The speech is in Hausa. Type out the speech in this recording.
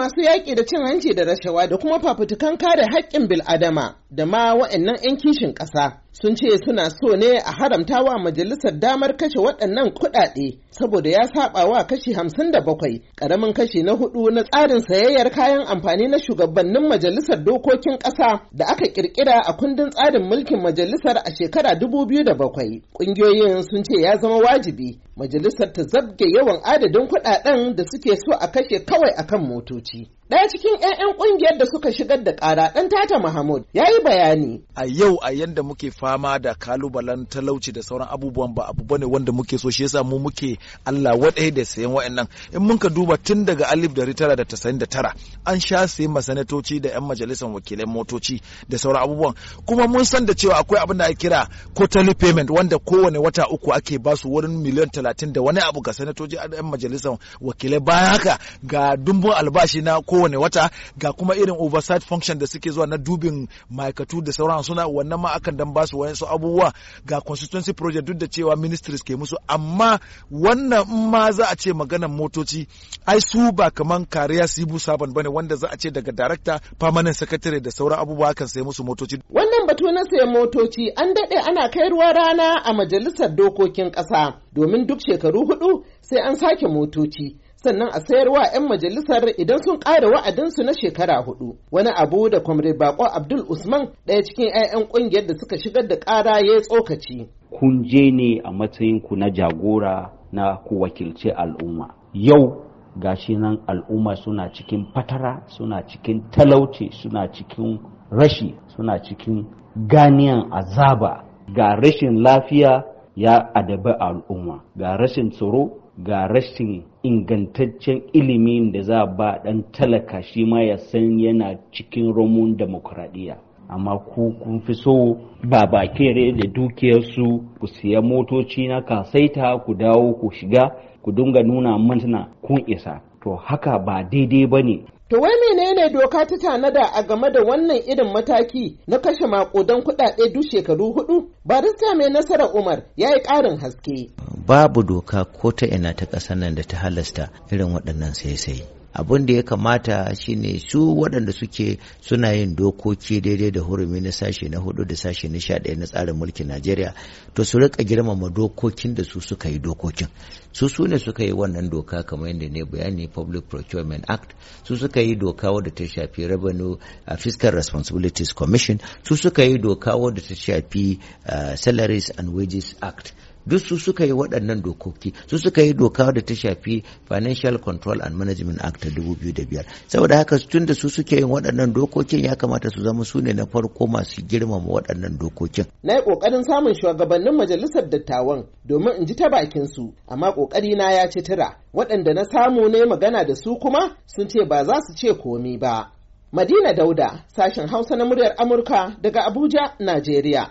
masu yaƙi da cin hanci da rashawa da kuma fafutukan kare haƙƙin bil'adama da ma waɗannan 'yan kishin ƙasa sun ce suna so ne a haramta wa majalisar damar kashe waɗannan kuɗaɗe saboda ya saɓa wa kashi hamsin da bakwai ƙaramin kashi na hudu na tsarin sayayyar kayan amfani na shugabannin majalisar dokokin ƙasa da aka ƙirƙira a kundin tsarin mulkin majalisar a shekara dubu biyu da bakwai. Ƙungiyoyin sun ce ya zama wajibi majalisar ta zabge yawan adadin kuɗaɗen da suke so a kashe kawai akan motoci Ɗaya cikin 'ya'yan ƙungiyar da suka shigar da ƙara ɗan tata Mahmud ya yi bayani. A yau a yanda muke fama da kalubalen talauci da sauran abubuwan ba abu bane wanda muke so shi yasa mu muke Allah waɗaya da sayan wa'annan. In mun ka duba tun daga alif dari tara da tasa'in da tara an sha sayan masanatoci da 'yan majalisar wakilai motoci da sauran abubuwan. Kuma mun san da cewa akwai abin da ake kira quarterly payment wanda kowane wata uku ake basu wurin miliyan talatin da wani abu ga sanatoci a 'yan majalisar wakilai bayan haka ga dumbun albashi na ko kowane wata ga kuma irin oversight function da suke zuwa na dubin ma'aikatu da sauran suna wannan ma akan dan basu su abubuwa ga constituency project duk da cewa ministries ke musu amma wannan in ma za a ce maganan motoci ai su ba kaman kariya sibu sabon bane wanda za a ce daga director permanent secretary da sauran abubuwa akan sai musu motoci wannan batu na sayan motoci an daɗe ana kai ruwa rana a majalisar dokokin kasa domin duk shekaru hudu sai an sake motoci sannan a sayarwa 'yan majalisar idan sun ƙara wa'adinsu na shekara hudu wani abu da kwamre bako abdul usman ɗaya cikin 'ya'yan ƙungiyar da suka shigar da ƙara ya tsokaci kun je ne a matsayin ku na jagora na ku wakilce al'umma yau gashi nan al'umma suna cikin fatara suna cikin talauci suna cikin rashi suna cikin ganiyan azaba ga rashin lafiya ya adabi al'umma ga rashin tsoro, ga rashin ingantaccen ilimin da za ba dan talaka shi ma ya san yana cikin romun demokuraɗiyya amma ku kun fi so ba bakere da dukiyarsu ku siya motoci na kasaita ku dawo ku shiga ku dinga nuna mantana kun isa to haka ba daidai ba ne To wai menene doka ta tanada a game da wannan irin mataki na kashe makudan kuɗaɗe duk shekaru hudu? Barista mai nasara Umar ya yi ƙarin haske. Babu doka ko ta ina ta ƙasar nan da ta halasta irin waɗannan sai-sai. abin da ya kamata shine su waɗanda suke suna yin dokoki daidai da hurumi na sashe na hudu da sashe na sha ɗaya na tsarin mulkin najeriya to su rika girmama dokokin da su suka yi dokokin su su ne suka yi wannan doka kamar yadda ne bayani public procurement act su suka yi doka wadda ta shafi revenue fiscal responsibilities commission su suka yi doka wadda ta shafi eh, salaries and wages act duk su suka yi waɗannan dokoki su suka yi doka da ta shafi financial control and management act 2005 saboda haka tun da su suke yin waɗannan dokokin ya kamata su zama su ne na farko masu girmama waɗannan dokokin na yi ƙoƙarin samun shugabannin majalisar dattawan domin in ji ta bakin su amma ƙoƙari na ya ci tura waɗanda na samu ne magana da su kuma sun ce ba za su ce komi ba Madina Dauda, sashen Hausa na muryar Amurka daga Abuja, Najeriya.